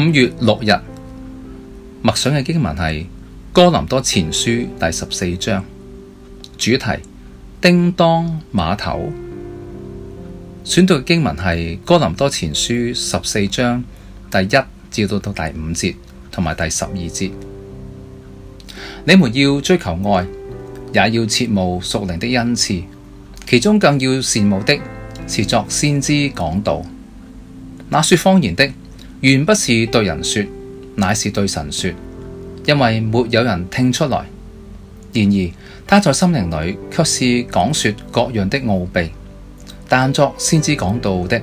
五月六日默想嘅經文係《哥林多前書》第十四章，主題叮噹馬頭。選到嘅經文係《哥林多前書》十四章第一至到到第五節，同埋第十二節。你們要追求愛，也要切慕屬靈的恩賜，其中更要羨慕的，是作先知講道。那說方言的。原不是對人說，乃是對神說，因為沒有人聽出來。然而他在心靈裏却是講說各樣的奧秘。但作先知講道的，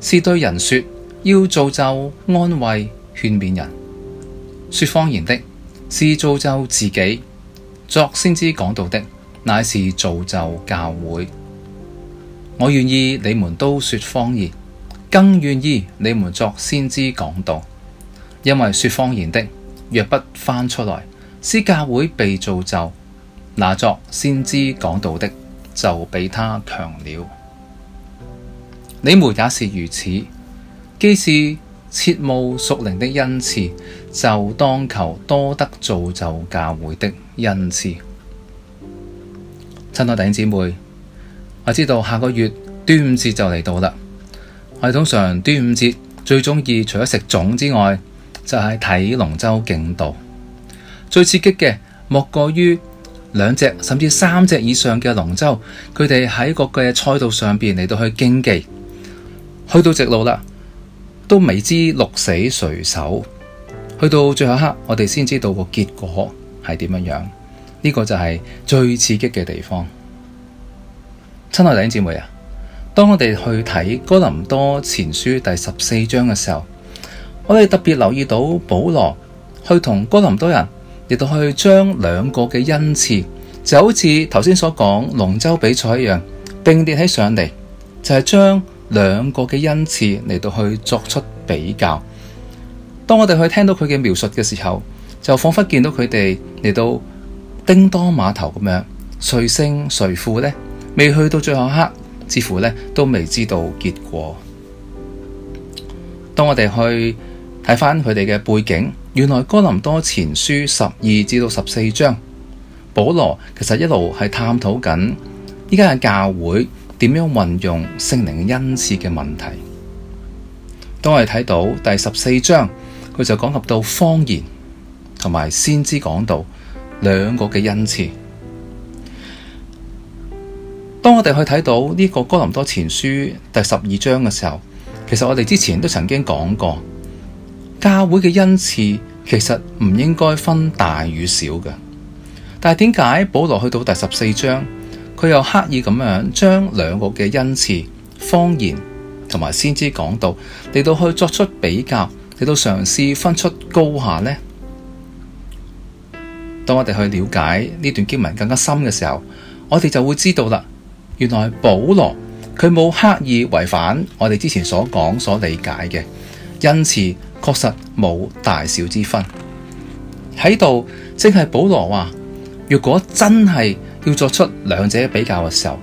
是對人說，要造就安慰勸勉人；說方言的，是造就自己；作先知講道的，乃是造就教會。我願意你們都說方言。更願意你們作先知講道，因為說方言的若不翻出來，使教會被造就，那作先知講道的就比他強了。你們也是如此，既是切慕屬靈的恩賜，就當求多得造就教會的恩賜。親愛的弟兄姊妹，我知道下個月端午節就嚟到啦。我通常端午節最中意除咗食粽之外，就係睇龍舟競渡。最刺激嘅莫過於兩隻甚至三隻以上嘅龍舟，佢哋喺各個賽道上面嚟到去競技。去到直路啦，都未知鹿死誰手。去到最後一刻，我哋先知道個結果係點樣。呢、這個就係最刺激嘅地方。親愛弟兄姐妹啊！當我哋去睇哥林多前書第十四章嘅時候，我哋特別留意到保羅去同哥林多人，嚟到去將兩個嘅恩賜就好似頭先所講龍舟比賽一樣並列起上嚟，就係將兩個嘅恩賜嚟到去作出比較。當我哋去聽到佢嘅描述嘅時候，就彷彿見到佢哋嚟到叮噹馬頭咁樣，誰勝誰負呢？未去到最後一刻。似乎呢都未知道結果。當我哋去睇翻佢哋嘅背景，原來哥林多前書十二至到十四章，保羅其實一路係探討緊依家嘅教會點樣運用聖靈恩賜嘅問題。當我哋睇到第十四章，佢就講及到方言同埋先知講道兩個嘅恩賜。當我哋去睇到呢個哥林多前書第十二章嘅時候，其實我哋之前都曾經講過，教會嘅恩賜其實唔應該分大與小嘅。但係點解保羅去到第十四章，佢又刻意咁樣將兩個嘅恩賜方言同埋先知講道，嚟到去作出比較，嚟到嘗試分出高下呢？當我哋去了解呢段經文更加深嘅時候，我哋就會知道啦。原來保羅佢冇刻意違反我哋之前所講所理解嘅恩賜，因確實冇大小之分。喺度正係保羅話，如果真係要作出兩者比較嘅時候，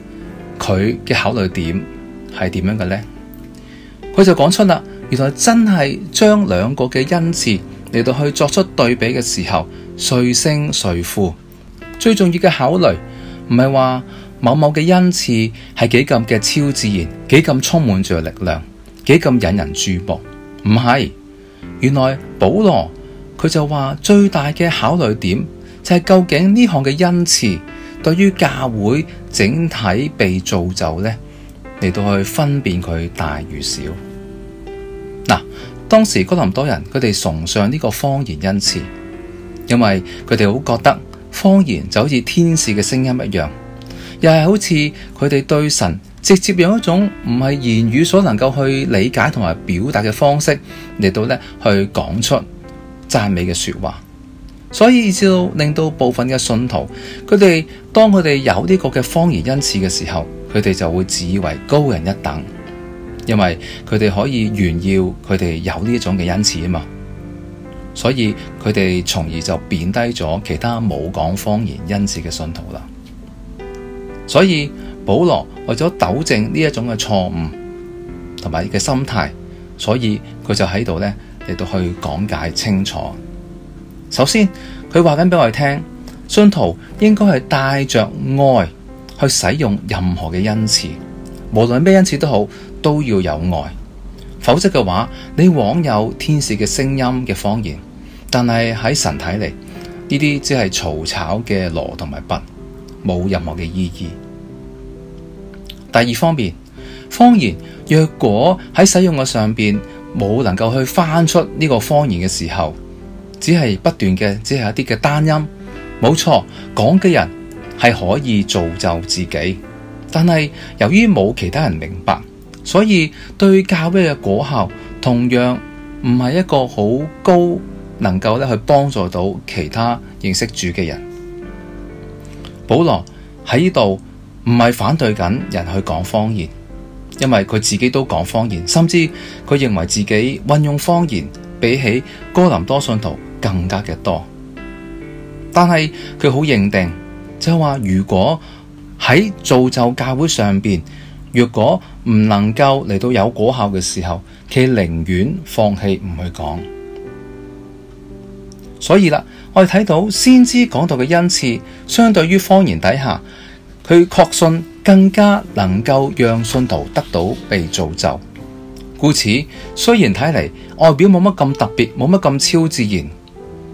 佢嘅考慮點係點樣嘅呢？佢就講出啦，原來真係將兩個嘅恩賜嚟到去作出對比嘅時候，誰勝誰負，最重要嘅考慮唔係話。某某嘅恩賜係幾咁嘅超自然，幾咁充滿着力量，幾咁引人注目。唔係，原來保羅佢就話最大嘅考慮點就係究竟呢項嘅恩賜對於教會整體被造就呢，嚟到去分辨佢大與小。嗱、啊，當時哥林多人佢哋崇尚呢個方言恩賜，因為佢哋好覺得方言就好似天使嘅聲音一樣。又係好似佢哋對神直接用一種唔係言語所能夠去理解同埋表達嘅方式嚟到咧去講出讚美嘅說話，所以就令到部分嘅信徒，佢哋當佢哋有呢個嘅方言恩賜嘅時候，佢哋就會自以為高人一等，因為佢哋可以炫耀佢哋有呢種嘅恩賜啊嘛，所以佢哋從而就貶低咗其他冇講方言恩賜嘅信徒啦。所以保羅為咗糾正呢一種嘅錯誤同埋嘅心態，所以佢就喺度呢嚟到去講解清楚。首先佢話緊俾我哋聽，信徒應該係帶着愛去使用任何嘅恩賜，無論咩恩賜都好，都要有愛。否則嘅話，你枉有天使嘅聲音嘅方言，但係喺神睇嚟呢啲只係嘈吵嘅鑼同埋鈸，冇任何嘅意義。第二方面，方言若果喺使用嘅上邊冇能夠去翻出呢個方言嘅時候，只係不斷嘅只係一啲嘅單音，冇錯，講嘅人係可以造就自己，但係由於冇其他人明白，所以對教會嘅果效同樣唔係一個好高，能夠咧去幫助到其他認識主嘅人。保羅喺呢度，唔係反對緊人去講方言，因為佢自己都講方言，甚至佢認為自己運用方言比起哥林多信徒更加嘅多。但係佢好認定，就係話如果喺造就教會上邊，若果唔能夠嚟到有果效嘅時候，佢寧願放棄唔去講。所以啦，我哋睇到先知講道嘅恩賜，相對於方言底下。佢確信更加能夠讓信徒得到被造就，故此雖然睇嚟外表冇乜咁特別，冇乜咁超自然，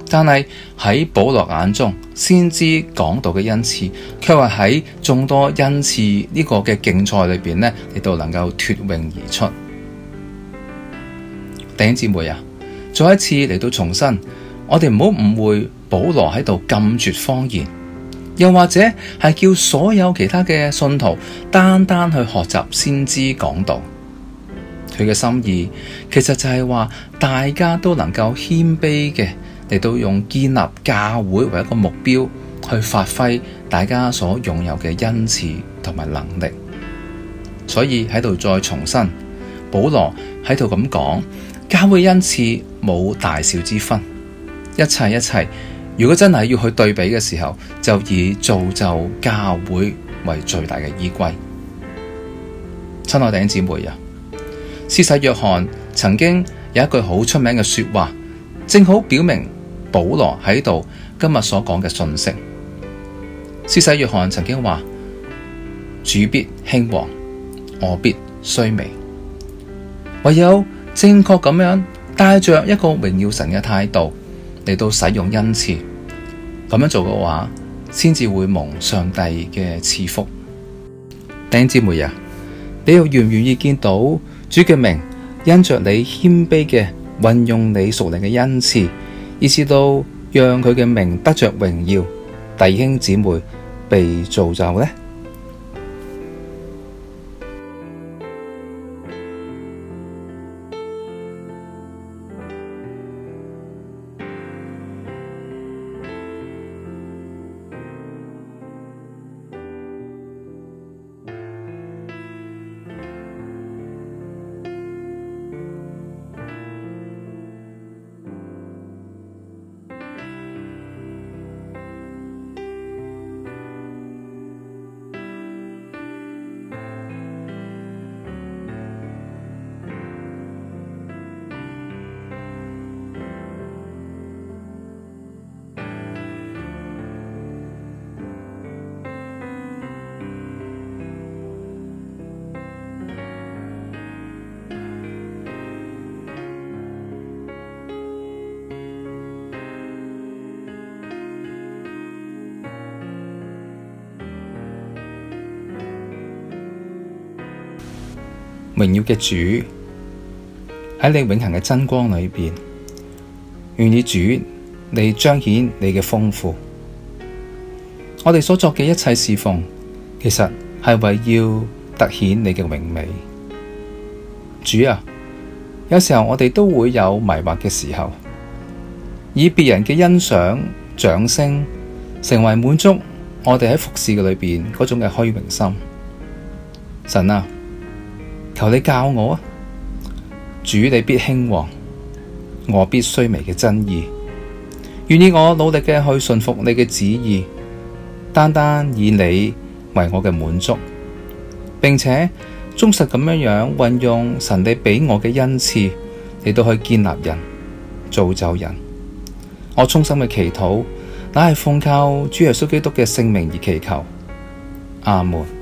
但係喺保羅眼中，先知講道嘅恩賜，卻係喺眾多恩賜呢個嘅競賽裏邊呢，亦都能夠脫穎而出。弟兄姊、姊妹啊，再一次嚟到重申，我哋唔好誤會保羅喺度禁絕方言。又或者係叫所有其他嘅信徒單單去學習先知講道，佢嘅心意其實就係話大家都能夠謙卑嘅嚟到用建立教會為一個目標去發揮大家所擁有嘅恩賜同埋能力。所以喺度再重申，保羅喺度咁講，教會恩賜冇大小之分，一切一切。如果真係要去對比嘅時候，就以造就教會為最大嘅依歸。親愛弟兄姊妹啊，施洗約翰曾經有一句好出名嘅說話，正好表明保羅喺度今日所講嘅信息。施洗約翰曾經話：主必興旺，我必衰微。唯有正確咁樣帶着一個榮耀神嘅態度嚟到使用恩賜。咁樣做嘅話，先至會蒙上帝嘅賜福。弟兄姊妹呀、啊，你又願唔願意見到主嘅名因着你謙卑嘅運用，你屬靈嘅恩賜，以至到讓佢嘅名得着榮耀？弟兄姊妹被造就呢。榮耀嘅主喺你永恒嘅真光裏邊，願意主你彰顯你嘅豐富。我哋所作嘅一切侍奉，其實係為要凸顯你嘅榮美。主啊，有時候我哋都會有迷惑嘅時候，以別人嘅欣賞、掌聲，成為滿足我哋喺服侍嘅裏邊嗰種嘅虛榮心。神啊！求你教我啊，主你必興旺，我必衰微嘅真意，願意我努力嘅去順服你嘅旨意，單單以你為我嘅滿足，並且忠實咁樣樣運用神你俾我嘅恩賜嚟到去建立人、造就人。我衷心嘅祈禱，乃係奉靠主耶穌基督嘅聖名而祈求，阿門。